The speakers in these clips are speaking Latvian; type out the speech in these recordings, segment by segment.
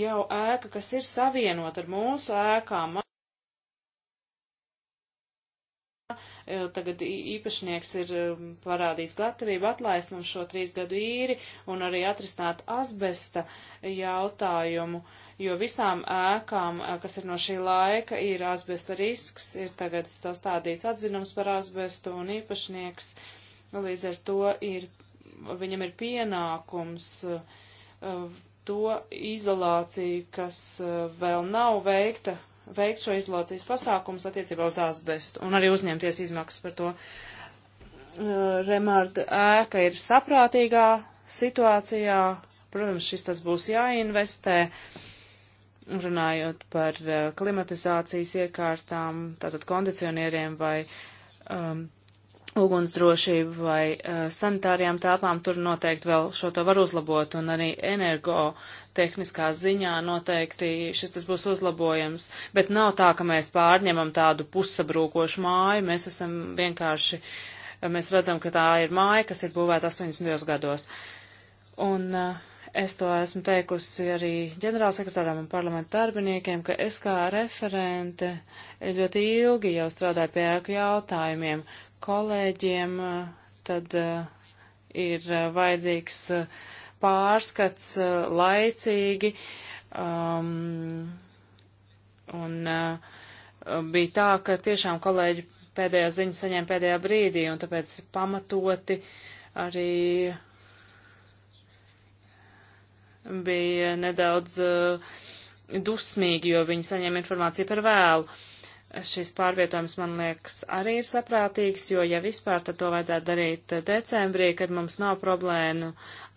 jau ēka, kas ir savienota ar mūsu ēkām. Eh, tagad īpašnieks ir eh, parādījis gatavību atlaist mums šo trīs gadu īri un arī atrisināt asbesta jautājumu, jo visām ēkām, eh, kas ir no šī laika, ir asbesta risks, ir tagad sastādīts atzinums par asbestu un īpašnieks līdz ar to ir, viņam ir pienākums uh, to izolāciju, kas eh, vēl nav veikta, veikt šo izolācijas pasākumus attiecībā uz asbestu un arī uzņemties izmaksas par to. Eh, Remārda ēka ir saprātīgā situācijā, protams, šis tas būs jāinvestē, runājot par eh, klimatizācijas iekārtām, tātad kondicionieriem vai um, ugunsdrošību vai uh, sanitārijām tāpām, tur noteikti vēl šo to var uzlabot, un arī energo tehniskā ziņā noteikti šis tas būs uzlabojams, bet nav tā, ka mēs pārņemam tādu pusabrūkošu māju, mēs esam vienkārši, mēs redzam, ka tā ir māja, kas ir būvēta 80. gados. Un, uh, Es to esmu teikusi arī ģenerālsekretāram un parlamentu darbiniekiem, ka es kā referente ļoti ilgi jau strādāju pie ēku jautājumiem. Kolēģiem eh, tad eh, ir eh, vajadzīgs pārskats laicīgi. Um, un uh, bija tā, ka tiešām kolēģi pēdējā ziņa saņēma pēdējā brīdī, un tāpēc pamatoti arī uh, bija nedaudz uh, dusmīgi, jo viņi saņēma informāciju par vēlu. Šis pārvietojums, man liekas, arī ir saprātīgs, jo, ja vispār, tad to vajadzētu darīt decembrī, kad mums nav problēmu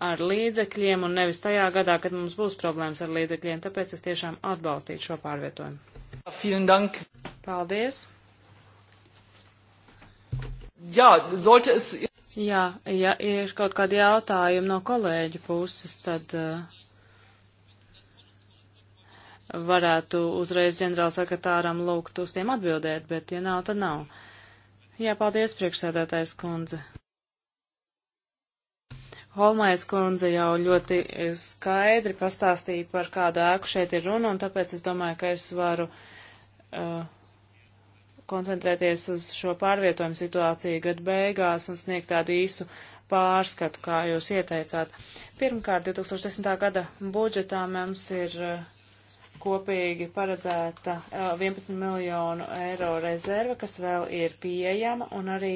ar līdzekļiem, un nevis tajā gadā, kad mums būs problēmas ar līdzekļiem. Tāpēc es tiešām atbalstītu šo pārvietojumu. Paldies! Jā, sollte es. Jā, ja ir kaut kādi jautājumi no kolēģu puses, tad uh, varētu uzreiz ģenerālsekretāram lūgt uz tiem atbildēt, bet ja nav, tad nav. Jā, paldies, priekšsēdētājs kundze. Holmais kundze jau ļoti skaidri pastāstīja, par kādu ēku šeit ir runa, un tāpēc es domāju, ka es varu uh, koncentrēties uz šo pārvietojumu situāciju gadu beigās un sniegt tādu īsu pārskatu, kā jūs ieteicāt. Pirmkārt, 2010. gada budžetā mums ir eh, kopīgi paredzēta 11 eh, miljonu eiro rezerve, kas vēl ir pieejama, un arī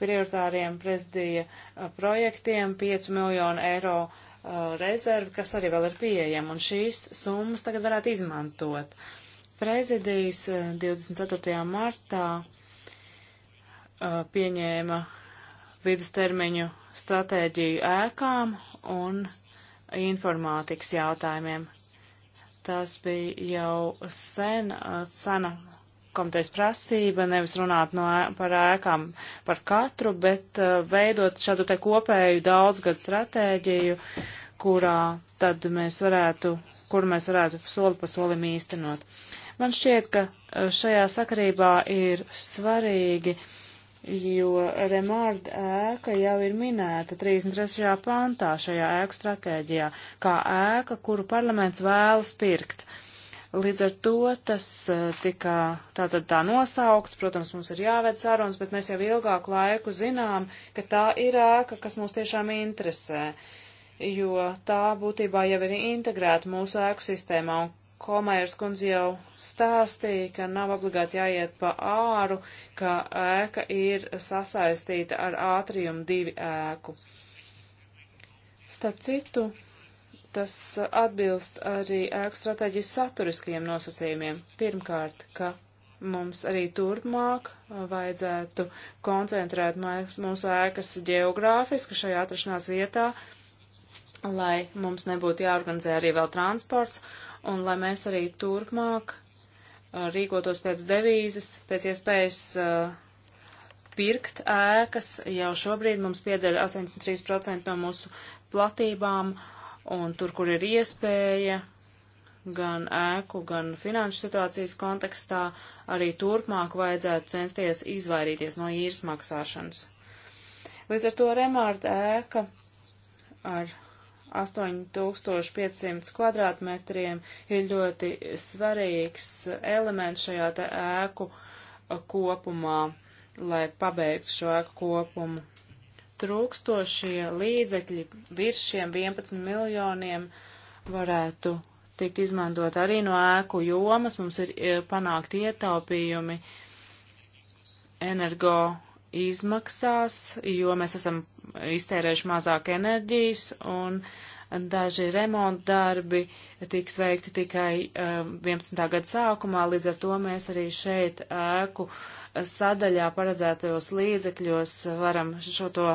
prioritāriem prezidija eh, projektiem 5 miljonu eiro rezerve, kas arī vēl ir pieejama, un šīs summas tagad varētu izmantot. Uh, prezidijas 24. Eh, martā eh, pieņēma vidustermiņu stratēģiju ēkām un informātikas jautājumiem. Tas bija jau sen, eh, sena komitejas prasība, nevis runāt no, par ēkām par katru, bet veidot šādu te kopēju daudzgadu stratēģiju, kurā tad mēs varētu, kur mēs varētu soli pa solim īstenot. Uh, Man šķiet, ka eh, šajā sakarībā ir svarīgi, jo Remārda ēka jau ir minēta 33. pantā šajā ēku stratēģijā, kā ēka, kuru parlaments vēlas pirkt. Līdz ar to tas eh, tika tā tad tā nosaukt, protams, mums ir jāved sarunas, bet mēs jau ilgāku laiku zinām, ka tā ir ēka, kas mūs tiešām interesē, jo tā būtībā jau ir integrēta mūsu ēku sistēmā, un Holmajers kundze jau stāstīja, ka nav obligāti jāiet pa āru, ka ēka ir sasaistīta ar ātriumu divi ēku. Starp citu, tas atbilst arī ēku stratēģijas saturiskajiem nosacījumiem. Pirmkārt, ka mums arī turpmāk vajadzētu koncentrēt mūsu ēkas geogrāfiski šajā atrašanās vietā, lai mums nebūtu jāorganizē arī vēl transports un lai mēs arī turpmāk uh, rīkotos pēc devīzes, pēc iespējas uh, pirkt ēkas. Jau šobrīd mums pieder 83% no mūsu platībām, un tur, kur ir iespēja, gan ēku, gan finanšu situācijas kontekstā, arī turpmāk vajadzētu censties izvairīties no īres maksāšanas. Līdz ar to remārta ēka ar 8500 kvadrātmetriem ir ļoti svarīgs elements šajā te ēku kopumā, lai pabeigtu šo ēku kopumu. Trūkstošie līdzekļi virs šiem 11 miljoniem varētu tikt izmantot arī no ēku jomas. Mums ir e, panākt ietaupījumi energo izmaksās, jo mēs esam iztērējuši mazāk enerģijas un daži remonta darbi tiks veikti tikai um, 11. gada sākumā, līdz ar to mēs arī šeit ēku sadaļā paredzētajos līdzekļos varam šo to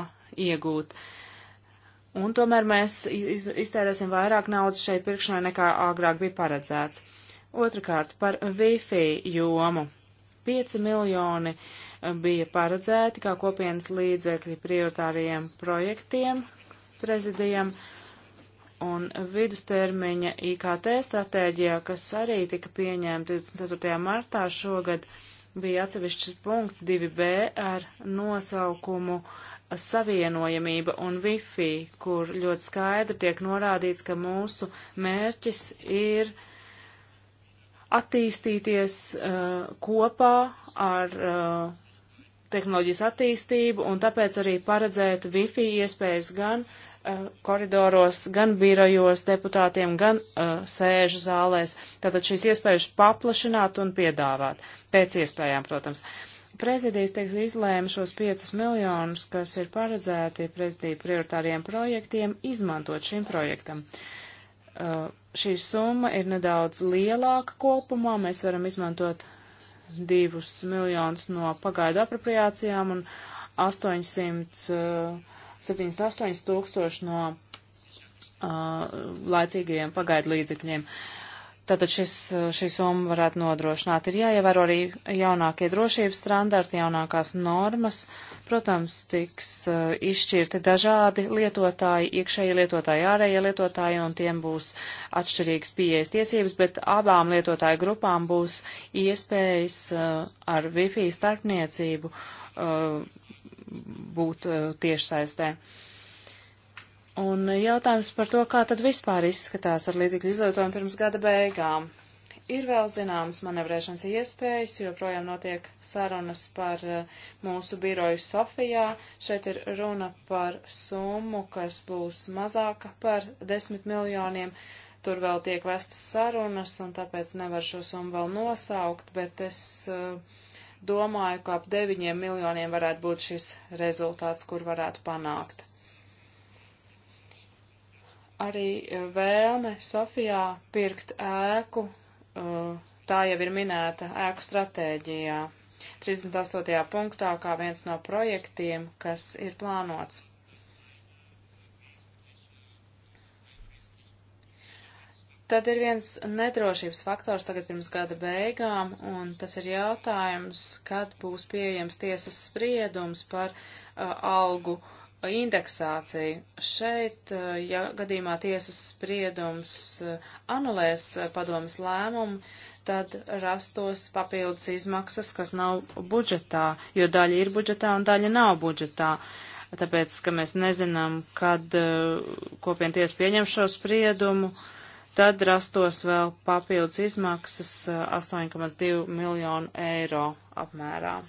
iegūt. Un tomēr mēs iz, iztērēsim vairāk naudas šeit pirkšanai nekā agrāk bija paredzēts. Otrakārt par Wi-Fi jomu. 5 miljoni uh, bija paredzēti kā kopienas līdzekļi prioritāriem projektiem prezidijam un vidustermiņa IKT stratēģijā, kas arī tika pieņemta 24. martā šogad, bija atsevišķs punkts 2b ar nosaukumu savienojamība un Wi-Fi, kur ļoti skaidri tiek norādīts, ka mūsu mērķis ir attīstīties uh, kopā ar uh, tehnoloģijas attīstību un tāpēc arī paredzēt Wi-Fi iespējas gan uh, koridoros, gan birojos deputātiem, gan uh, sēžu zālēs. Tātad šīs iespējas paplašināt un piedāvāt pēc iespējām, protams. Prezidijas teiks izlēma šos 5 miljonus, kas ir paredzēti prezidiju prioritāriem projektiem, izmantot šim projektam. Uh, šī summa ir nedaudz lielāka kopumā, mēs varam izmantot divus miljonus no pagaidu apropriācijām un 878 eh, tūkstoši no uh, laicīgajiem pagaidu līdzekļiem. Uh, Tātad šis, šī summa varētu nodrošināt. Ir jāievēro arī jaunākie drošības standarti, jaunākās normas. Protams, tiks uh, izšķirti dažādi lietotāji, iekšēji lietotāji, ārējie lietotāji, un tiem būs atšķirīgas pieejas tiesības, bet abām lietotāju grupām būs iespējas uh, ar Wi-Fi starpniecību uh, būt tiešsaistē. saistē. Un jautājums par to, kā tad vispār izskatās ar līdzekļu izlietojumu pirms gada beigām. Ir vēl zināmas manevrēšanas iespējas, joprojām notiek sarunas par eh, mūsu biroju Sofijā. Šeit ir runa par summu, kas būs mazāka par 10 miljoniem. Tur vēl tiek vestas sarunas, un tāpēc nevar šo summu vēl nosaukt, bet es eh, domāju, ka ap 9 miljoniem varētu būt šis rezultāts, kur varētu panākt arī e, vēlme Sofijā pirkt ēku, e, tā jau ir minēta ēku stratēģijā, 38. punktā kā viens no projektiem, kas ir plānots. Tad ir viens nedrošības faktors tagad pirms gada beigām, un tas ir jautājums, kad būs pieejams tiesas spriedums par uh, algu uh, indeksāciju. Šeit, eh, ja gadījumā tiesas spriedums eh, anulēs eh, padomas lēmumu, tad rastos papildus izmaksas, kas nav budžetā, jo daļa ir budžetā un daļa nav budžetā. Tāpēc, ka mēs nezinām, kad kopien tiesa pieņem šo spriedumu, tad rastos vēl papildus izmaksas 8,2 miljonu eiro apmērā.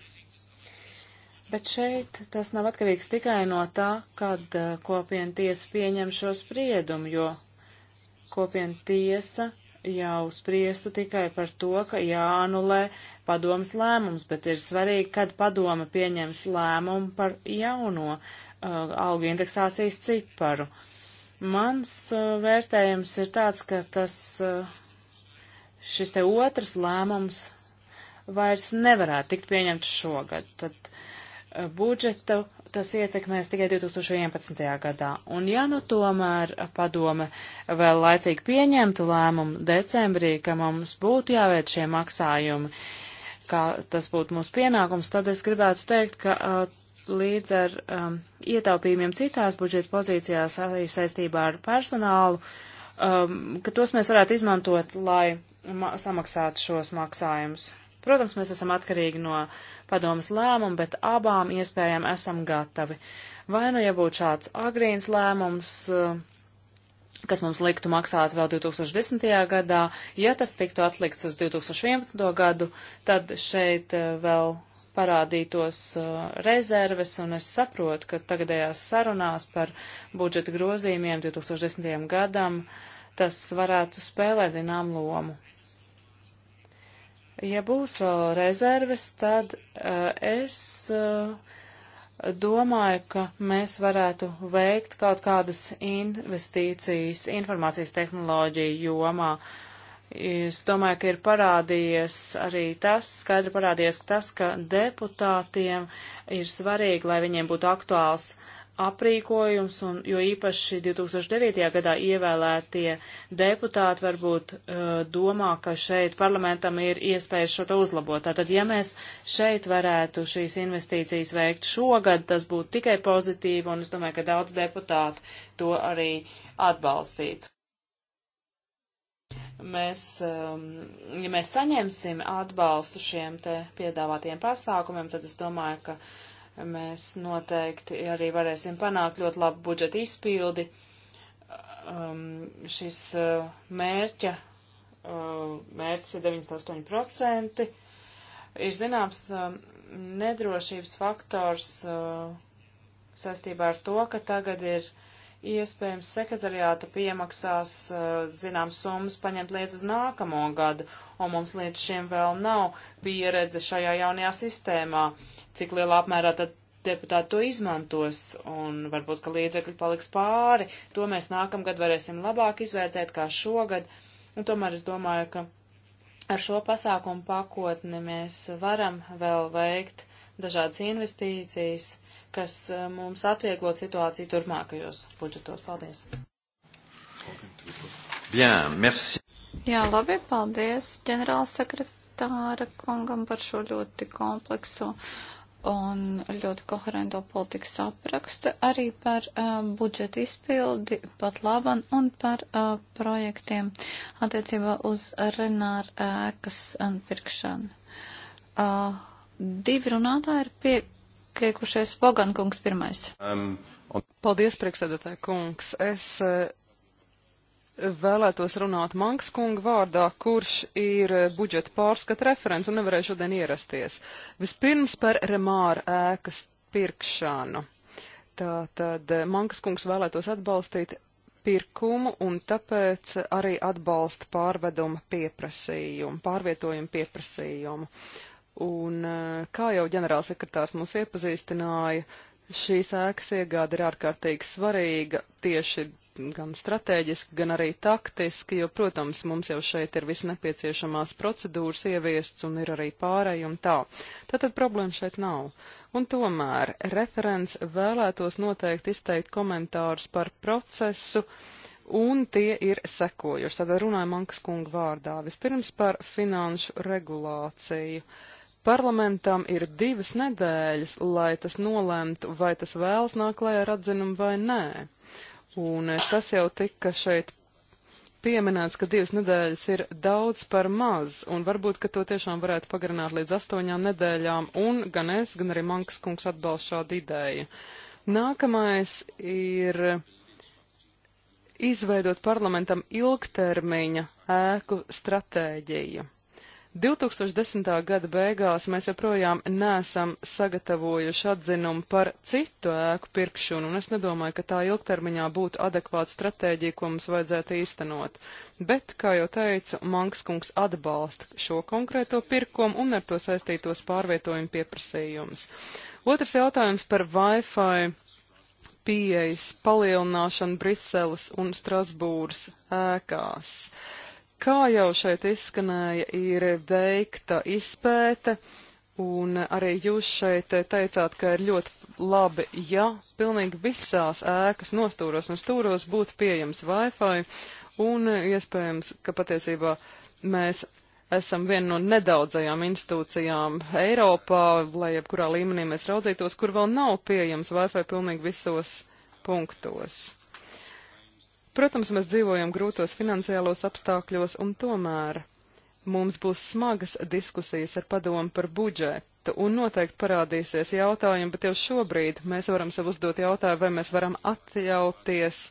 Bet šeit tas nav atkarīgs tikai no tā, kad uh, eh, kopiena tiesa pieņem šo spriedumu, jo kopiena tiesa jau spriestu tikai par to, ka jāanulē padomas lēmums, bet ir svarīgi, kad padoma pieņems lēmumu par jauno uh, algu indeksācijas ciparu. Mans uh, vērtējums ir tāds, ka tas, uh, šis te otrs lēmums vairs nevarētu tikt pieņemts šogad. Tad, uh, budžetu, tas ietekmēs tikai 2011. gadā. Un ja nu tomēr padome vēl laicīgi pieņemtu lēmumu decembrī, ka mums būtu jāveic šie maksājumi, kā tas būtu mūsu pienākums, tad es gribētu teikt, ka līdz ar um, ietaupījumiem citās budžeta pozīcijās arī saistībā ar personālu, um, ka tos mēs varētu izmantot, lai samaksātu šos maksājumus. Protams, mēs esam atkarīgi no padomas lēmuma, bet abām iespējām esam gatavi. Vai nu, ja būtu šāds agrīns lēmums, eh, kas mums liktu maksāt vēl 2010. gadā, ja tas tiktu atlikts uz 2011. gadu, tad šeit eh, vēl parādītos eh, rezerves, un es saprotu, ka tagadējās sarunās par budžeta grozījumiem 2010. gadam tas varētu spēlēt zinām lomu. Ja būs vēl rezerves, tad eh, es eh, domāju, ka mēs varētu veikt kaut kādas investīcijas informācijas tehnoloģiju jomā. Es domāju, ka ir parādījies arī tas, skaidri parādījies tas, ka deputātiem ir svarīgi, lai viņiem būtu aktuāls uh, aprīkojums, un, jo īpaši 2009. gadā ievēlētie deputāti varbūt uh, domā, ka šeit parlamentam ir iespējas šo to uzlabot. Tātad, ja mēs šeit varētu šīs investīcijas veikt šogad, tas būtu tikai pozitīvi, un es domāju, ka daudz deputātu to arī atbalstītu. Mēs, um, ja mēs saņemsim atbalstu šiem te piedāvātiem pasākumiem, tad es domāju, ka uh, mēs noteikti arī varēsim panākt ļoti labu budžeta izpildi. Um, šis uh, mērķa, uh, mērķis ir 98%. Ir zināms uh, nedrošības faktors uh, saistībā ar to, ka tagad ir iespējams sekretariāta piemaksās eh, zināmas summas paņemt līdz uz nākamo gadu, un mums līdz šim vēl nav pieredze šajā jaunajā sistēmā, cik lielā apmērā tad deputāti to izmantos, un varbūt, ka līdzekļi paliks pāri, to mēs nākamgad varēsim labāk izvērtēt kā šogad, un tomēr es domāju, ka ar šo pasākumu pakotni mēs varam vēl veikt dažādas investīcijas, kas eh, mums atvieglo situāciju turpmākajos budžetos. Paldies! Bien, merci. Jā, labi, paldies ģenerālsekretāra kungam par šo ļoti kompleksu un ļoti koherento politikas aprakstu, arī par uh, budžeta izpildi pat laban un par uh, projektiem attiecībā uz Renāra ēkas pirkšanu. Uh, Divi runātāji ir piekriekušies. Vogan kungs pirmais. Um, un... Paldies, priekšsēdētāji kungs. Es eh, vēlētos runāt Mankas kunga vārdā, kurš ir eh, budžeta pārskata referents un nevarēja šodien ierasties. Vispirms par remāra ēkas pirkšanu. Tātad eh, Mankas kungs vēlētos atbalstīt pirkumu un tāpēc arī atbalsta pārvedumu pieprasījumu, pārvietojumu pieprasījumu. Un, eh, kā jau ģenerālsekretārs mums iepazīstināja, šīs ēkas iegāde ir ārkārtīgi svarīga tieši gan strateģiski, gan arī taktiski, jo, protams, mums jau šeit ir viss nepieciešamās procedūras ieviests un ir arī pārēji un tā. Tātad problēma šeit nav. Un tomēr referents vēlētos noteikti izteikt komentārus par procesu, un tie ir sekojuši. Tātad runāja Mankas kunga vārdā. Vispirms par finanšu regulāciju. Uh, Parlamentam ir divas nedēļas, lai tas nolemtu, vai tas vēlas nāk klajā ar atzinumu vai nē. Un eh, tas jau tika šeit pieminēts, ka divas nedēļas ir daudz par maz, un varbūt, ka to tiešām varētu pagarināt līdz astoņām nedēļām, un gan es, gan arī Mankas kungs atbalst šādu ideju. Nākamais ir izveidot parlamentam ilgtermiņa ēku stratēģiju. 2010. gada beigās mēs joprojām nesam sagatavojuši atzinumu par citu ēku pirkšanu, un es nedomāju, ka tā ilgtermiņā būtu adekvāta stratēģija, ko mums vajadzētu īstenot. Bet, kā jau teicu, Mankskungs atbalsta šo konkrēto pirkumu un ar to saistītos pārvietojumu pieprasījumus. Otrs jautājums par Wi-Fi pieejas palielināšanu Briseles un Strasbūras ēkās. Uh, Kā jau šeit izskanēja, ir veikta izpēte, un arī jūs šeit teicāt, ka ir ļoti labi, ja pilnīgi visās ēkas nostūros un stūros būtu pieejams Wi-Fi, un iespējams, ka patiesībā mēs esam viena no nedaudzajām institūcijām Eiropā, lai jebkurā līmenī mēs raudzītos, kur vēl nav pieejams Wi-Fi pilnīgi visos punktos. Protams, mēs dzīvojam grūtos finansiālos apstākļos, un tomēr mums būs smagas diskusijas ar padomu par budžetu, un noteikti parādīsies jautājumi, bet jau šobrīd mēs varam sev uzdot jautājumu, vai mēs varam atļauties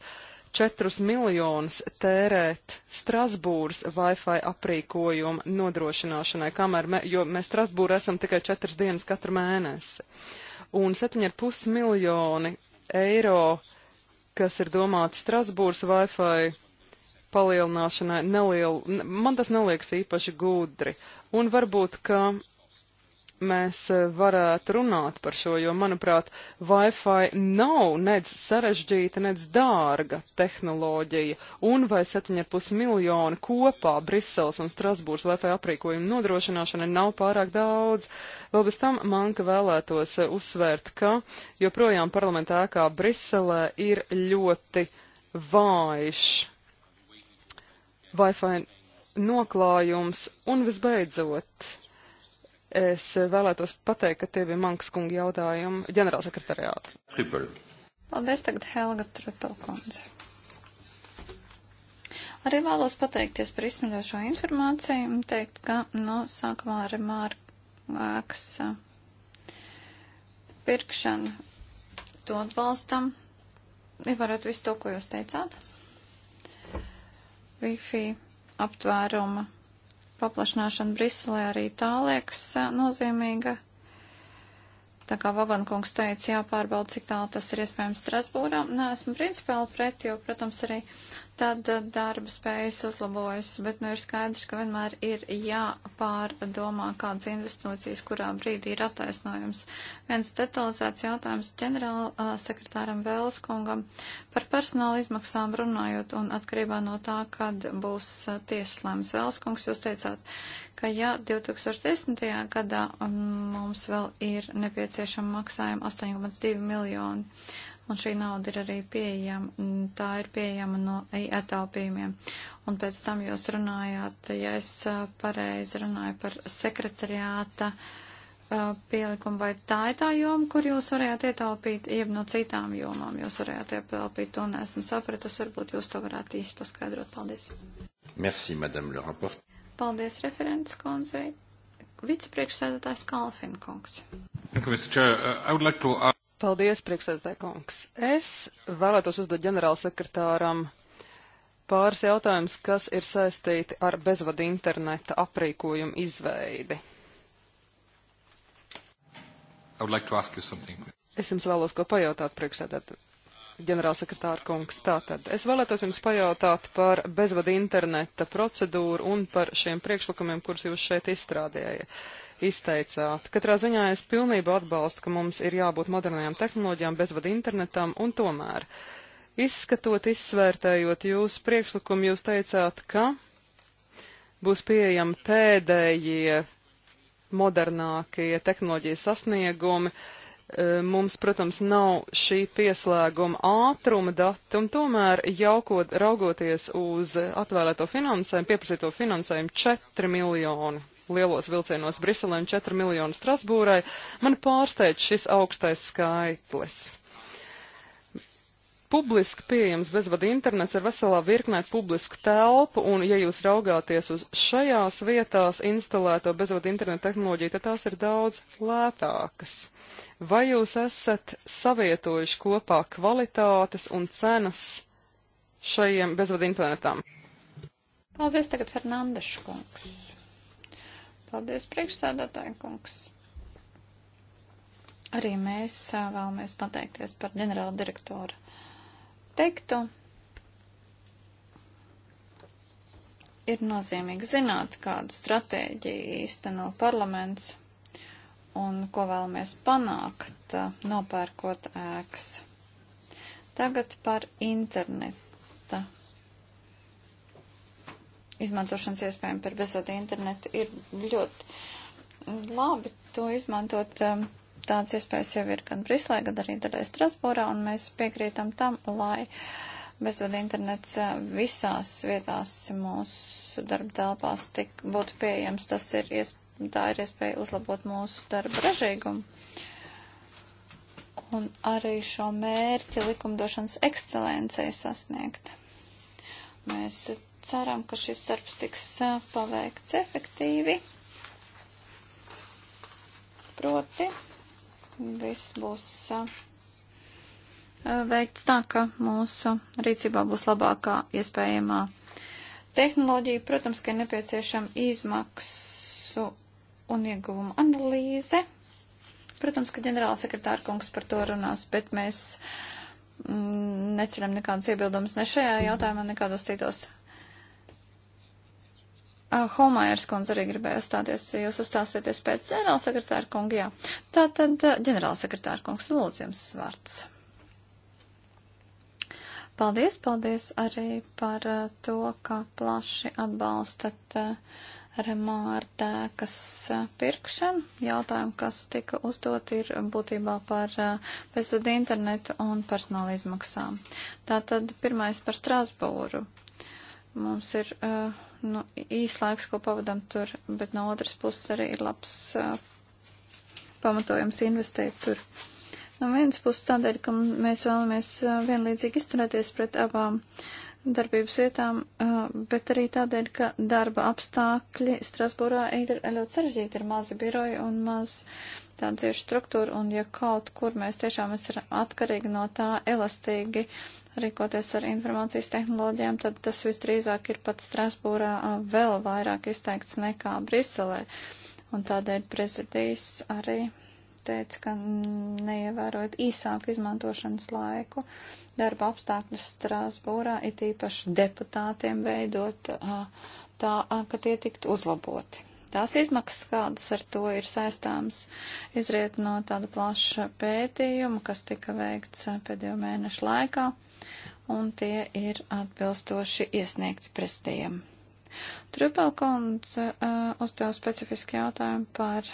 četrus miljonus tērēt Strasbūras Wi-Fi aprīkojuma nodrošināšanai, kamēr me, jo mēs Strasbūra esam tikai četras dienas katru mēnesi. Un 7,5 miljoni eiro kas ir domāti Strasbūras Wi-Fi palielināšanai, nelielu, man tas neliekas īpaši gudri. Un varbūt, ka mēs e, varētu runāt par šo, jo, manuprāt, Wi-Fi nav nec sarežģīta, nec dārga tehnoloģija, un vai 7,5 miljoni kopā Brisels un Strasbūrs Wi-Fi aprīkojumu nodrošināšana nav pārāk daudz. Vēl bez tam Manka vēlētos e, uzsvērt, ka joprojām parlamentā kā Briselē ir ļoti vājš Wi-Fi noklājums, un visbeidzot, Es vēlētos pateikt, ka tie bija Mankas kunga jautājumi ģenerālsekretariātu. Tripel. Paldies tagad Helga Tripelkundze. Arī vēlos pateikties par izsmeļošo informāciju un teikt, ka, nu, sākumā ar Mārkas pirkšanu to atbalstam. Ievarot visu to, ko jūs teicāt. Wi-Fi aptvēruma paplašināšana Briselē arī tā liekas nozīmīga. Tā kā Vagankungs teica, jāpārbauda, cik tālu tas ir iespējams Strasbūrā. Nē, esmu principāli pret, jo, protams, arī tad eh, darba spējas uzlabojas, bet nu ir skaidrs, ka vienmēr ir jāpārdomā, kādas investīcijas kurā brīdī ir attaisnojums. Viens detalizēts jautājums ģenerāla eh, sekretāram Vēlskungam par personāla izmaksām runājot un atkarībā no tā, kad būs eh, tiesas lēmums. Vēlskungs, jūs teicāt, ka ja 2010. gadā mm, mums vēl ir nepieciešama maksājuma 8,2 miljoni un šī nauda ir arī pieejama, tā ir pieejama no ietaupījumiem. Un pēc tam jūs runājāt, ja es pareizi runāju par sekretariāta pielikumu, vai tā ir tā joma, kur jūs varējāt ietaupīt, jeb no citām jomām jūs varējāt ietaupīt, to neesmu sapratusi, varbūt jūs to varētu īsti paskaidrot. Paldies. Merci, madame le rapport. Paldies, referents konzei vicepriekšsēdētājs Kalfinkungs. Uh, like to... Paldies, priekšsēdētāj kungs. Es vēlētos uzdot ģenerālsekretāram pāris jautājumus, kas ir saistīti ar bezvadu interneta aprīkojumu izveidi. Like es jums vēlos ko pajautāt, priekšsēdēt, ģenerālsekretāra kungs. Tātad, es vēlētos jums pajautāt par bezvadu interneta procedūru un par šiem priekšlikumiem, kurus jūs šeit izstrādējat izteicāt. Katrā ziņā es pilnībā atbalstu, ka mums ir jābūt modernajām tehnoloģijām, bezvada internetam un tomēr. Izskatot, izsvērtējot jūsu priekšlikumu, jūs teicāt, ka būs pieejami pēdējie modernākie tehnoloģijas sasniegumi. E, mums, protams, nav šī pieslēguma ātruma dati, un tomēr jaukot, raugoties uz atvēlēto finansējumu, pieprasīto finansējumu 4 miljoni lielos vilcienos Briselē un 4 miljonu Strasbūrai, man pārsteidz šis augstais skaitlis. Publiski pieejams bezvada internets ir veselā virknē publisku telpu, un ja jūs raugāties uz šajās vietās instalēto bezvada interneta tehnoloģiju, tad tās ir daudz lētākas. Vai jūs esat savietojuši kopā kvalitātes un cenas šajiem bezvada internetam? Paldies tagad Fernandeša kungs. Paldies, priekšsēdētāji kungs. Arī mēs vēlamies pateikties par ģenerāla direktora teiktu. Ir nozīmīgi zināt, kādu stratēģiju īsteno parlaments un ko vēlamies panākt, nopērkot ēkas. Tagad par interneta izmantošanas iespējām par bezvadu internetu ir ļoti labi to izmantot. Um, tāds iespējas jau ir gan Brislē, gan arī daļai Strasbūrā, un mēs piekrītam tam, lai bezvadu internets uh, visās vietās mūsu darba telpās tik būtu pieejams. Tas ir, tā ir iespēja uzlabot mūsu darba ražīgumu. Un arī šo mērķi likumdošanas ekscelencei sasniegt. Mēs ceram, ka šis darbs tiks paveikts efektīvi. Proti, viss būs veikts tā, ka mūsu rīcībā būs labākā iespējamā tehnoloģija. Protams, ka ir nepieciešama izmaksu un ieguvuma analīze. Protams, ka ģenerāla sekretāra kungs par to runās, bet mēs mm, neceram nekādas iebildumus ne šajā jautājumā, nekādos citos Uh, Homairs kundze arī gribēja uzstāties. Jūs uzstāsieties pēc ģenerālsekretāra kunga, jā. Tātad uh, ģenerālsekretāra kungs lūdz jums vārds. Paldies, paldies arī par uh, to, ka plaši atbalstat uh, remārdēkas uh, pirkšanu. Jautājumi, kas tika uzdot, ir būtībā par uh, bezvadu internetu un personāla izmaksām. Tātad pirmais par Strasbūru. Mums ir uh, nu, īs laiks, ko pavadam tur, bet no otras puses arī ir labs uh, pamatojums investēt tur. No vienas puses tādēļ, ka mēs vēlamies uh, vienlīdzīgi izturēties pret abām darbības vietām, uh, bet arī tādēļ, ka darba apstākļi Strasbūrā ir ļoti sarežģīti, ir mazi biroji un maz tāda cieša struktūra, un ja kaut kur mēs tiešām esam atkarīgi no tā elastīgi rīkoties ar informācijas tehnoloģijām, tad tas visdrīzāk ir pat Strasbūrā vēl vairāk izteikts nekā Briselē. Un tādēļ prezidijs arī teica, ka neievērojot īsāku izmantošanas laiku, darba apstākļus Strasbūrā, it īpaši deputātiem veidot tā, ka tie tiktu uzlaboti. Tās izmaksas, kādas ar to ir saistāmas, izriet no tāda plaša pētījuma, kas tika veikts pēdējo mēnešu laikā un tie ir atbilstoši iesniegti prestijam. Trupelkons uh, uzdeva specifiski jautājumu par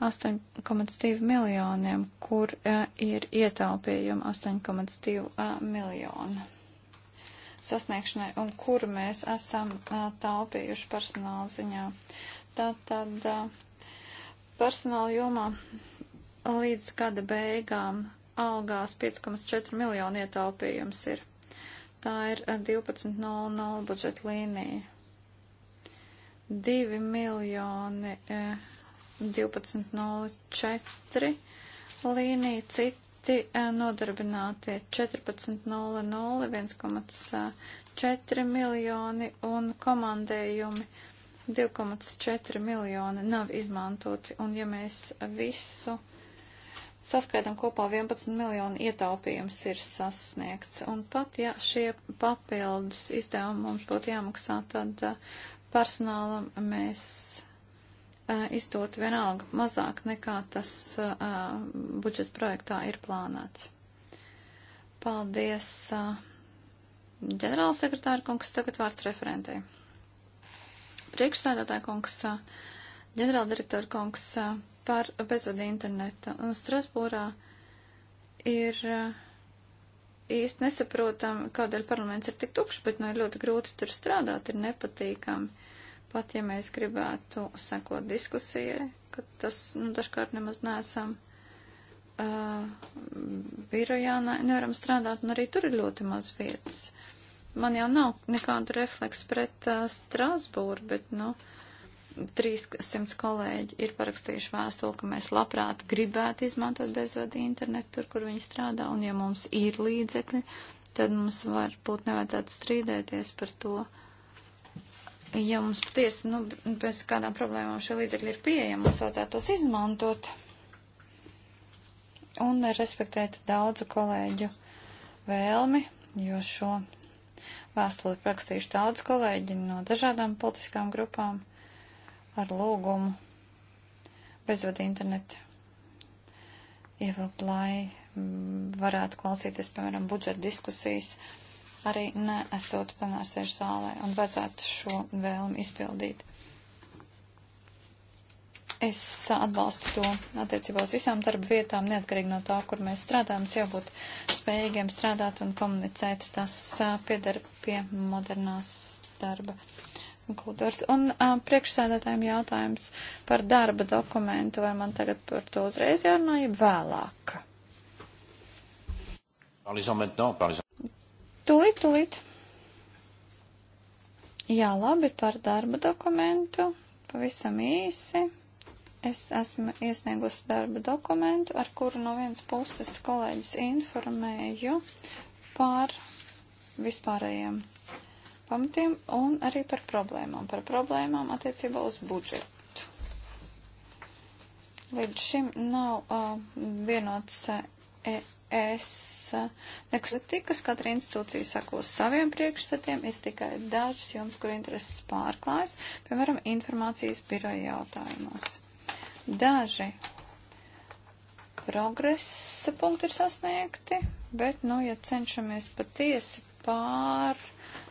8,2 miljoniem, kur uh, ir ietaupījumi 8,2 uh, miljonu sasniegšanai un kur mēs esam uh, taupījuši personāla ziņā. Tātad uh, personāla jomā līdz gada beigām algās 5,4 miljonu ietaupījums ir. Tā ir 12.00 eh, budžeta līnija. 2 miljoni 12.04 eh, līnija, citi eh, nodarbinātie 14.00 1,4 miljoni un komandējumi 2,4 miljoni nav izmantoti. Un ja mēs visu saskaidam kopā 11 miljonu ietaupījums ir sasniegts. Un pat, ja šie papildus izdevumi mums būtu jāmaksā, tad eh, personālam mēs uh, eh, izdot vienalga mazāk nekā tas uh, budžeta projektā ir plānēts. Paldies, uh, ģenerālsekretāra kungs, tagad vārds referentei. Priekšstādātāja kungs, ģenerāldirektora kungs, par bezvadu internetu. Un Strasbūrā ir eh, īsti nesaprotam, kādēļ parlaments ir tik tukšs, bet nu ir ļoti grūti tur strādāt, ir nepatīkami. Pat ja mēs gribētu sekot diskusijai, ka tas nu, dažkārt nemaz nesam uh, eh, birojā, ne, nevaram strādāt, un arī tur ir ļoti maz vietas. Man jau nav nekādu refleksu pret uh, Strasbūru, bet, nu, uh, 300 kolēģi ir parakstījuši vēstuli, ka mēs labprāt gribētu izmantot bezvadu internetu tur, kur viņi strādā, un ja mums ir līdzekļi, tad mums varbūt nevajadzētu strīdēties par to. Ja mums patiesi, nu, bez kādām problēmām šie līdzekļi ir pieejami, mums vajadzētu tos izmantot un respektēt daudzu kolēģu vēlmi, jo šo vēstuli rakstījuši daudz kolēģi no dažādām politiskām grupām ar lūgumu bezvadu internetu ievilkt, lai mm, varētu klausīties, piemēram, budžeta diskusijas, arī neesot plenārsēžu zālē, un vajadzētu šo vēlmi izpildīt. Es atbalstu to attiecībā uz visām darba vietām, neatkarīgi no tā, kur mēs strādājam, jābūt spējīgiem strādāt un komunicēt. Tas piedara pie modernās darba kultūras. Un uh, priekšsēdētājiem jautājums par darba dokumentu, vai man tagad par to uzreiz jārunā, ja vēlāk? Tūlīt, tūlīt. Jā, labi, par darba dokumentu. Pavisam īsi. Es esmu iesniegusi darba dokumentu, ar kuru no vienas puses kolēģis informēju par vispārējiem pamatiem un arī par problēmām, par problēmām attiecībā uz budžetu. Līdz šim nav uh, vienots uh, es uh, nekas tikas, katra institūcija sakos saviem priekšstatiem, ir tikai dažas jums, kur intereses pārklājas, piemēram, informācijas biroja jautājumos. Daži progresa punkti ir sasniegti, bet, nu, ja cenšamies patiesi pār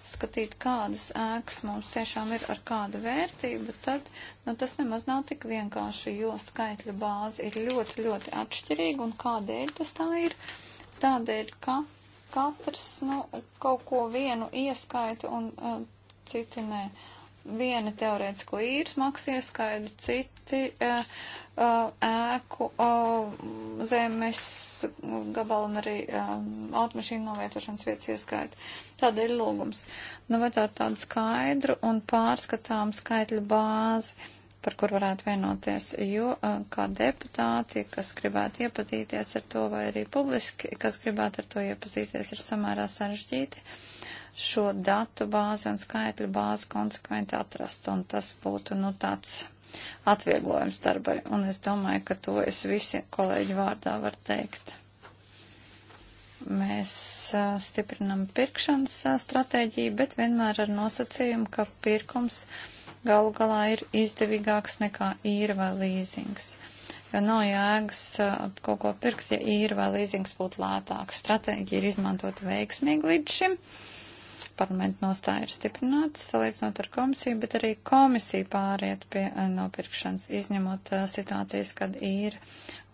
skatīt, kādas ēkas mums tiešām ir ar kādu vērtību, tad nu, tas nemaz nav tik vienkārši, jo skaitļu bāze ir ļoti, ļoti atšķirīga un kādēļ tas tā ir. Tādēļ, ka katrs nu, kaut ko vienu ieskaita un uh, citu nē. Uh, viena teorētisko īres maksu ieskaida, citi uh, uh, ēku uh, zemes gabalu un arī um, automašīnu novietošanas vietas ieskaida. Tāda ir lūgums. Nu, vajadzētu tādu skaidru un pārskatām skaitļu bāzi par kur varētu vienoties, jo kā deputāti, kas gribētu iepazīties ar to, vai arī publiski, kas gribētu ar to iepazīties, ir samērā sarežģīti. Uh, šo datu bāzi un skaitļu bāzi konsekventi atrast, un tas būtu, nu, tāds atvieglojums darbai, un es domāju, ka to es visi kolēģi vārdā var teikt. Mēs a, stiprinam pirkšanas a, stratēģiju, bet vienmēr ar nosacījumu, ka pirkums galu galā ir izdevīgāks nekā īra vai līzings. Jo nav jēgas kaut ko pirkt, ja īra vai līzings būtu lētāks. Stratēģija ir izmantot veiksmīgi līdz šim. Uh, parlamenta nostāja ir stiprināta salīdzinot ar komisiju, bet arī komisija pāriet pie eh, nopirkšanas, izņemot eh, situācijas, kad ir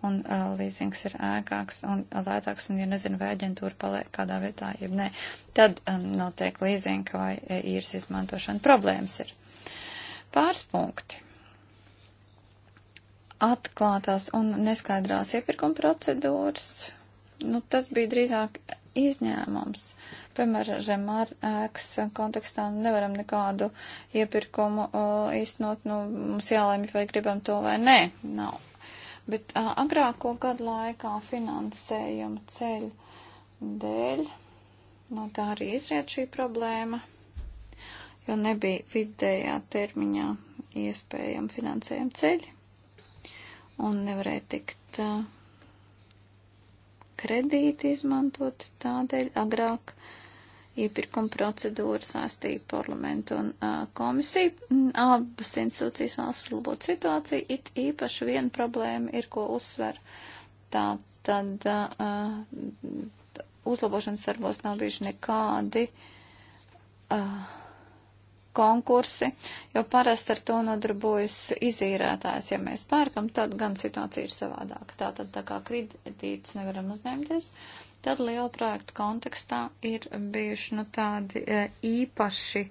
un uh, eh, līzings ir ēkāks un lētāks, un ja nezinu, vai aģentūra paliek kādā vietā, ja nē, tad um, notiek līzinga vai īres izmantošana problēmas ir. Pāris punkti. Atklātās un neskaidrās iepirkuma procedūras. Nu, tas bija drīzāk izņēmums. Piemēram, Žemār ēkas kontekstā nevaram nekādu iepirkumu īstenot, nu, mums jālēmj, vai gribam to vai nē. Nav. Bet uh, agrāko gadu laikā finansējuma ceļu dēļ no tā arī izriet šī problēma, jo nebija vidējā termiņā iespējama finansējuma ceļi un nevarēja tikt. Uh, kredīti izmantot, tādēļ agrāk iepirkuma procedūra sāstīja parlamentu un uh, komisiju. Abas institūcijas vēlas uzlabot situāciju, it īpaši viena problēma ir, ko uzsver. Tā tad uh, uzlabošanas darbos nav bijuši nekādi. Uh, konkursi, jo parasti ar to nodarbojas izīrētājs. Ja mēs pērkam, tad gan situācija ir savādāka. Tātad tā kā kredītus nevaram uzņemties, tad liela projekta kontekstā ir bijuši nu, tādi e, īpaši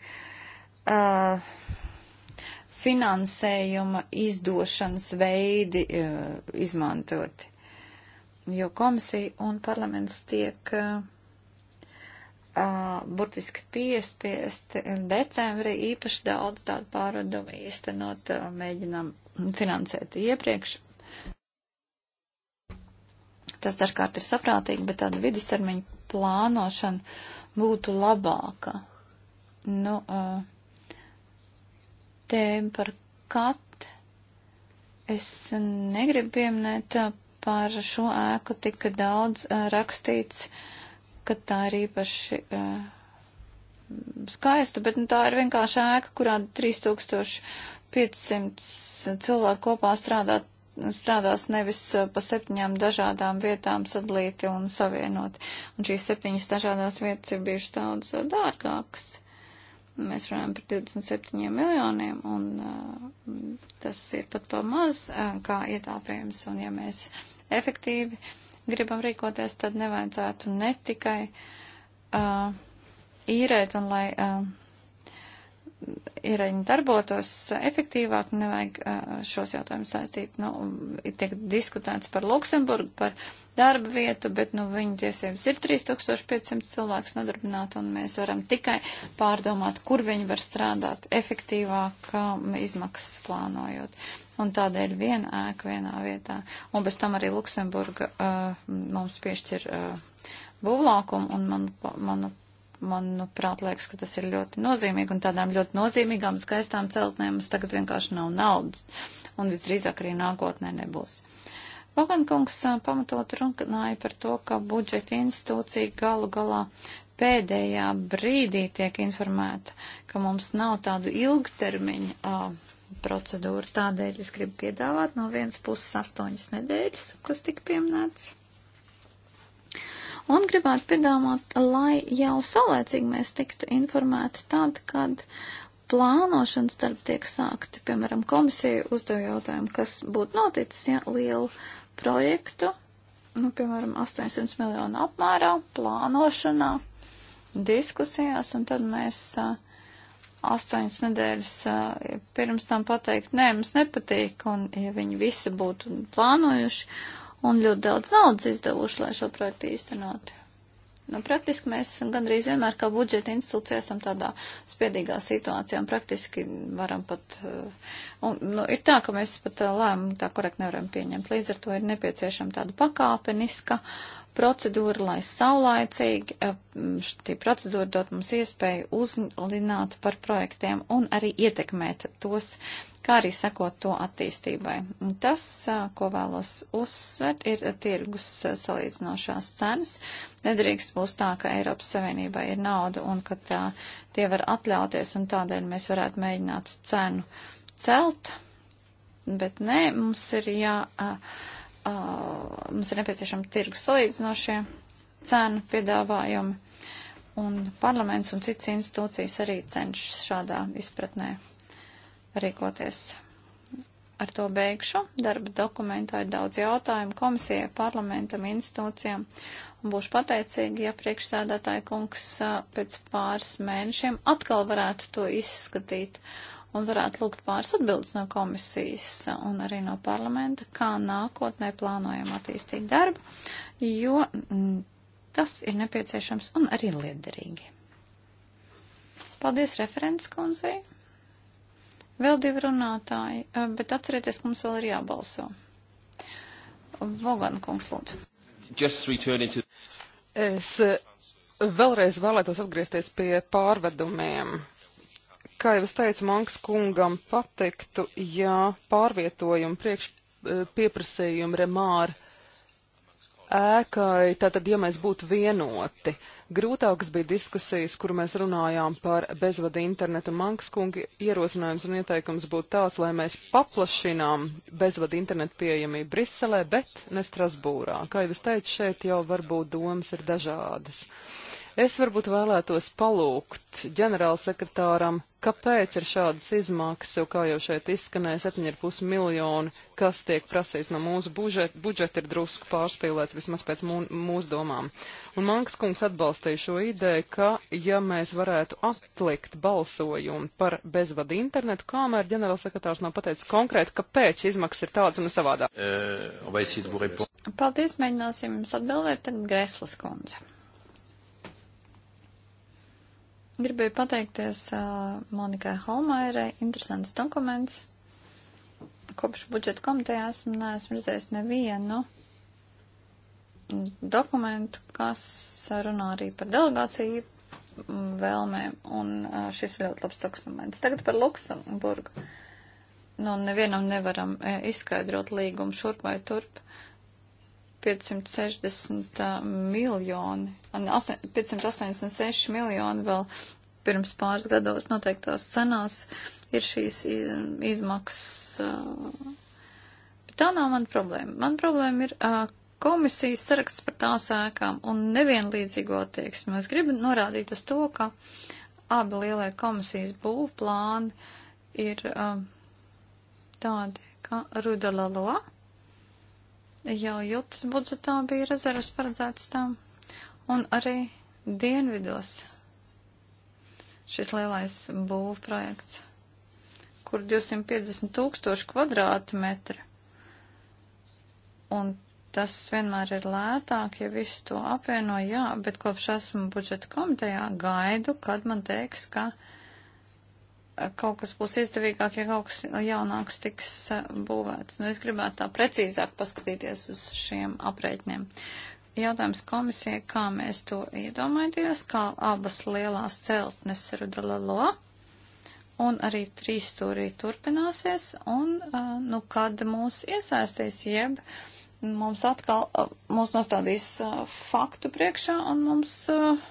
uh, finansējuma izdošanas veidi uh, izmantoti. Jo komisija un parlaments tiek. Uh, uh, burtiski piespiesti decembrī īpaši daudz tādu pārvedumu īstenot, uh, mēģinām finansēt iepriekš. Tas dažkārt ir saprātīgi, bet tāda vidustermiņa plānošana būtu labāka. Nu, uh, tēma par kat. Es negribu pieminēt, par šo ēku tika daudz uh, rakstīts. Uh, ka tā ir īpaši uh, skaista, bet nu, tā ir vienkārši ēka, kurā 3500 cilvēku kopā strādā, strādās nevis eh, pa septiņām dažādām vietām sadalīti un savienoti. Un šīs septiņas dažādās vietas ir bijušas daudz eh, dārgākas. Mēs runājam par 27 miljoniem, un uh, tas ir pat pamaz, uh, kā ietāpējums, un ja mēs efektīvi uh, gribam rīkoties, tad nevajadzētu ne tikai uh, īrēt un lai uh, ierēģi darbotos efektīvāk, nevajag uh, šos jautājumus saistīt. Nu, tiek diskutēts par Luksemburgu, par darba vietu, bet nu, viņa tiesības ir 3500 cilvēks nodarbināt, un mēs varam tikai pārdomāt, kur viņi var strādāt efektīvāk, um, izmaksas plānojot un tāda ir viena ēka vienā vietā. Un bez tam arī Luksemburga uh, mums piešķir uh, būvlākumu, un man, manu, manuprāt, liekas, ka tas ir ļoti nozīmīgi, un tādām ļoti nozīmīgām skaistām celtnēm mums tagad vienkārši nav naudas, un visdrīzāk arī nākotnē nebūs. Vagankungs uh, pamatot runāja par to, ka budžeta institūcija galu galā pēdējā brīdī tiek informēta, ka mums nav tādu ilgtermiņu. Uh, procedūru. Tādēļ es gribu piedāvāt no vienas puses astoņas nedēļas, kas tika pieminēts. Un gribētu piedāvāt, lai jau saulēcīgi mēs tiktu informēti tad, kad plānošanas darbi tiek sākti. Piemēram, komisija uzdev jautājumu, kas būtu noticis, ja lielu projektu, nu, piemēram, 800 miljonu apmērā, plānošanā, diskusijās, un tad mēs uh, astoņas nedēļas uh, pirms tam pateikt, nē, mums nepatīk, un ja viņi visi būtu plānojuši un ļoti daudz naudas izdevuši, lai šo projektu īstenotu. Nu, praktiski mēs gandrīz vienmēr kā budžeta institūcija esam tādā spiedīgā situācijā, un praktiski varam pat, uh, un, nu, ir tā, ka mēs pat uh, lēmumu tā korekti nevaram pieņemt. Līdz ar to ir nepieciešama tāda pakāpeniska uh, procedūra, lai saulaicīgi eh, šī procedūra dot mums iespēju uzlināt par projektiem un arī ietekmēt tos, kā arī sekot to attīstībai. Tas, eh, ko vēlos uzsvert, ir tirgus salīdzinošās cenas. Nedrīkst būs tā, ka Eiropas Savienībai ir nauda un ka tā, tie var atļauties un tādēļ mēs varētu mēģināt cenu celt, bet nē, mums ir jā. Uh, uh, mums ir nepieciešama tirgus salīdzinošie cenu piedāvājumi, un parlaments un citas institūcijas arī cenšas šādā izpratnē rīkoties. Ar to beigšu. Darba dokumentā ir daudz jautājumu komisijai, parlamentam, institūcijām. Un būšu pateicīgi, ja priekšsēdētāja kungs uh, pēc pāris mēnešiem atkal varētu to izskatīt. Uh, un varētu lūgt pāris atbildes no komisijas un arī no parlamenta, kā nākotnē plānojam attīstīt darbu, jo mm, tas ir nepieciešams un arī liederīgi. Paldies referents kundzei. Vēl divi runātāji, eh, bet atcerieties, ka mums vēl ir jābalso. Vogan kungs, lūdzu. To... Es eh, vēlreiz vēlētos atgriezties pie pārvedumiem kā jau es teicu, Mankas kungam patiktu, ja pārvietojumu priekš eh, pieprasījumu remāru ēkai, tātad, ja mēs būtu vienoti. Grūtākas bija diskusijas, kur mēs runājām par bezvadu internetu. Mankas kunga ierosinājums un ieteikums būtu tāds, lai mēs paplašinām bezvadu internetu pieejamību Briselē, bet ne Strasbūrā. Kā jau es teicu, šeit jau varbūt domas ir dažādas. Uh, Es varbūt vēlētos palūgt ģenerālsekretāram, kāpēc ir šādas izmaksas, jo, kā jau šeit izskanēja, 7,5 miljoni, kas tiek prasīts no mūsu budžeta, budžeta ir drusku pārspīlēts vismaz pēc mū, mūsu domām. Un Mankas kungs atbalstīja šo ideju, ka, ja mēs varētu atlikt balsojumu par bezvadu internetu, kamēr ģenerālsekretārs nav pateicis konkrēti, kāpēc izmaksas ir tādas un savādāk. Eh, Paldies, mēģināsim jums atbildēt, tad Greslas kundze. Gribēju pateikties uh, Monikai Holmairai. Interesants dokuments. Kopš budžeta komitejā esmu neesmu redzējis nevienu dokumentu, kas runā arī par delegāciju vēlmēm, un uh, šis ir ļoti labs dokuments. Tagad par Luksemburgu. Nu, nevienam nevaram uh, izskaidrot līgumu šurp vai turp. Uh, 560 miljoni, 586 miljoni vēl pirms pāris gados noteiktās cenās ir šīs izmaksas. Bet tā nav mana problēma. Mana problēma ir komisijas saraksts par tās ēkām un nevienlīdzīgo attieksmi. Es gribu norādīt uz to, ka abi lielie komisijas būvplāni ir tādi, ka Rudalaloa jau jūtas budžetā bija rezervas paredzētas tām. Un arī dienvidos šis lielais būvu projekts, kur 250 tūkstoši kvadrātmetri. Un tas vienmēr ir lētāk, ja visu to apvieno, jā, bet kopš esmu budžeta komitejā gaidu, kad man teiks, ka uh, kaut kas būs izdevīgāk, ja kaut kas jaunāks tiks eh, būvēts. Nu, es gribētu tā precīzāk paskatīties uz šiem aprēķiniem. Jautājums komisijai, kā mēs to iedomājamies, kā abas lielās celtnes Rudalalo un arī trīs stūrī turpināsies, un eh, nu, kad mūs iesaistīs, jeb mums atkal, eh, mūs nostādīs faktu priekšā un mums. Uh,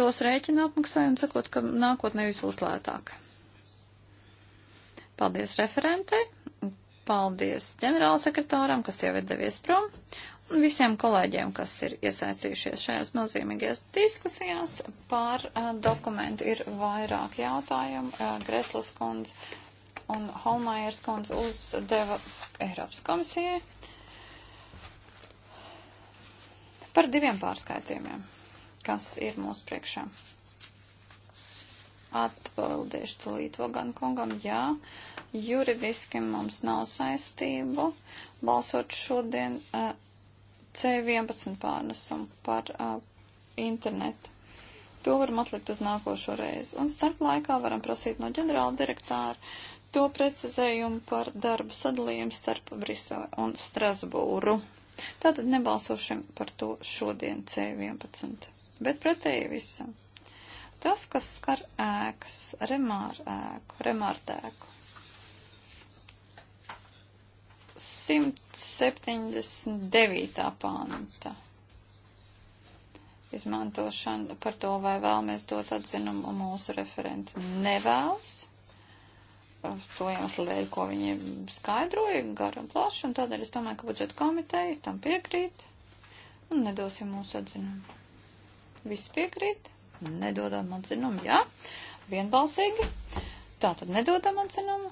dos rēķinu apmaksai un sakot, ka nākotnē viss būs lētāk. Paldies referentei, paldies ģenerālsekretāram, kas jau ir devies prom, un visiem kolēģiem, kas ir iesaistījušies šajās nozīmīgajās diskusijās. Par uh, dokumentu ir vairāk jautājumu. Uh, Greslas kundze un Holmajers kundze uzdeva Eiropas komisijai par diviem pārskaitījumiem kas ir mūsu priekšā. Atbildēšu tūlīt Vogan kungam, jā, juridiski mums nav saistību balsot šodien uh, eh, C11 pārnesumu par uh, internetu. To varam atlikt uz nākošo reizi. Un starp laikā varam prasīt no ģenerāla direktāra to precizējumu par darbu sadalījumu starp Briseli un Strasbūru. Tātad nebalsošam par to šodien C11 bet pretēji visam. Tas, kas skar ēkas, remāru ēku, remārtēku. 179. panta izmantošana par to, vai vēlamies dot atzinumu mūsu referentu nevēlas. To iemeslu dēļ, ko viņi skaidroja garu un plašu, un tādēļ es domāju, ka budžeta komiteja tam piekrīt un nedosim mūsu atzinumu. Visi piekrīt? Nedodam atzinumu, jā. Vienbalsīgi. Tātad nedodam atzinumu.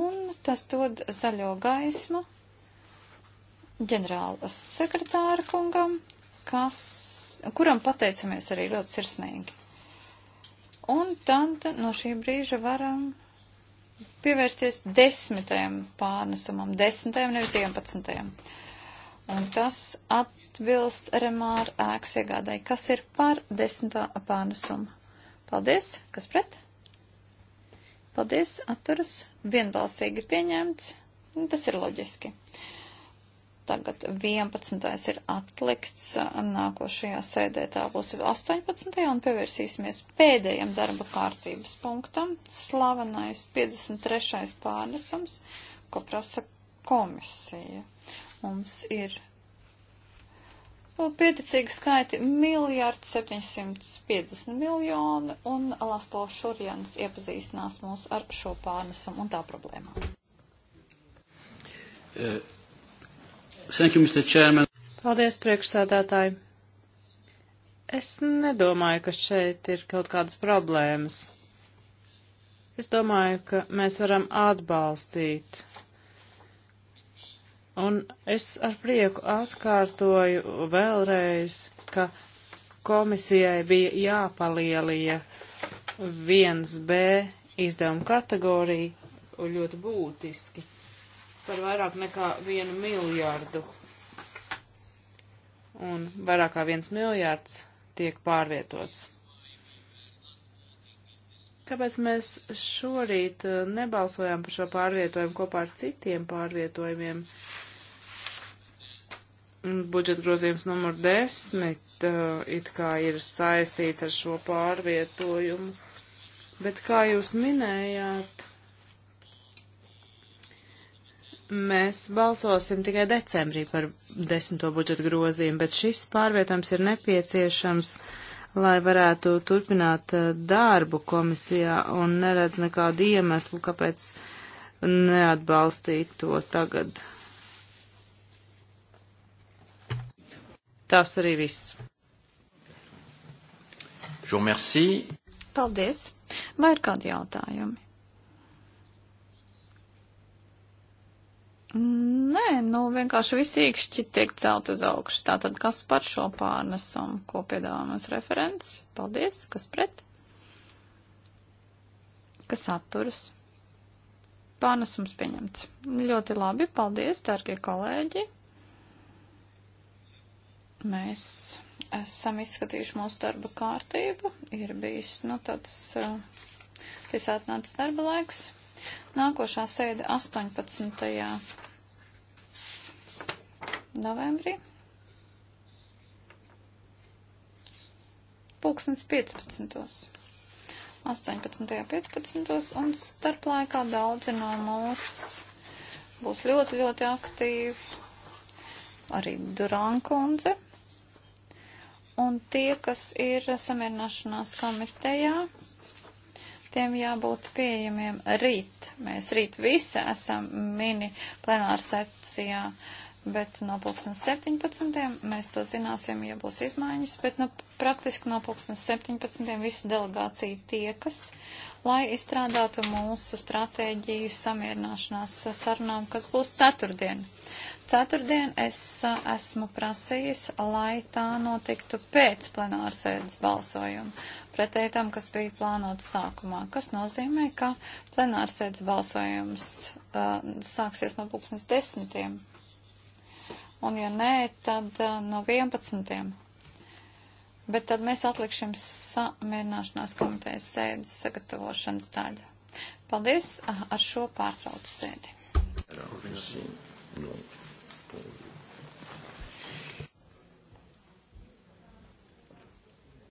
Un tas dod zaļo gaismu ģenerāla sekretāra kungam, kas, kuram pateicamies arī ļoti sirsnīgi. Un tad no šī brīža varam pievērsties desmitajam pārnesumam, desmitajam, nevis vienpadsmitajam. Un tas at, atbilst remāra ēkas iegādai. Kas ir par desmitā pārnesumu? Paldies. Kas pret? Paldies. Atturas. Vienbalsīgi pieņemts. Tas ir loģiski. Tagad 11. ir atlikts. Nākošajā sēdē tā būs 18. un pievērsīsimies pēdējiem darba kārtības punktam. Slavenais 53. pārnesums, ko prasa komisija. Mums ir Pieticīgi skaiti miljārds 750 miljoni un Laslo Šurjans iepazīstinās mūs ar šo pārnesumu un tā problēmām. Uh, thank you, Mr. Chairman. Paldies, priekšsēdētāji. Es nedomāju, ka šeit ir kaut kādas problēmas. Es domāju, ka mēs varam atbalstīt Un es ar prieku atkārtoju vēlreiz, ka komisijai bija jāpalielina 1B izdevuma kategorija ļoti būtiski par vairāk nekā 1 miljārdu. Un vairāk kā 1 miljārds tiek pārvietots. Kāpēc mēs šorīt eh, nebalsojām par šo pārvietojumu kopā ar citiem pārvietojumiem? Uh, budžeta grozījums numur desmit uh, it kā ir saistīts ar šo pārvietojumu, bet kā jūs minējāt, mēs balsosim tikai decembrī par desmito budžeta grozījumu, bet šis pārvietojums ir nepieciešams, lai varētu turpināt uh, darbu komisijā un neredz nekādu iemeslu, kāpēc neatbalstīt to tagad. Tas arī viss. Paldies. Vai ir kādi jautājumi? Nē, nu vienkārši visi īkšķi tiek celt uz augšu. Tātad kas par šo pārnesumu, ko piedāvā mums referents? Paldies, kas pret? Kas atturas? Pārnesums pieņemts. Ļoti labi, paldies, dārgie kolēģi. Mēs esam izskatījuši mūsu darba kārtību. Ir bijis nu, tāds uh, piesātnāts darba laiks. Nākošā sēde 18. novembrī. Pulksnes 15. 18.15. un starplaikā daudzi no mūs būs ļoti, ļoti aktīvi. Arī Durankundze Un tie, kas ir samierināšanās komitejā, tiem jābūt pieejamiem rīt. Mēs rīt visi esam mini plenārseccijā, bet no pulkstens 17. mēs to zināsim, ja būs izmaiņas, bet no, nu, praktiski no pulkstens 17. visa delegācija tiekas, lai izstrādātu mūsu stratēģiju samierināšanās sarunām, kas būs ceturtdien. Uh, Ceturtdien es esmu prasījis, lai tā notiktu pēc plenārsēdes balsojuma, pretēji tam, kas bija plānots sākumā, kas nozīmē, ka plenārsēdes balsojums uh, sāksies no pulksnes desmitiem, un ja nē, tad uh, no vienpadsmitiem. Bet tad mēs atliksim samierināšanās komitejas sēdes sagatavošanas daļu. Paldies, ar šo pārtraucu sēdi. Jā,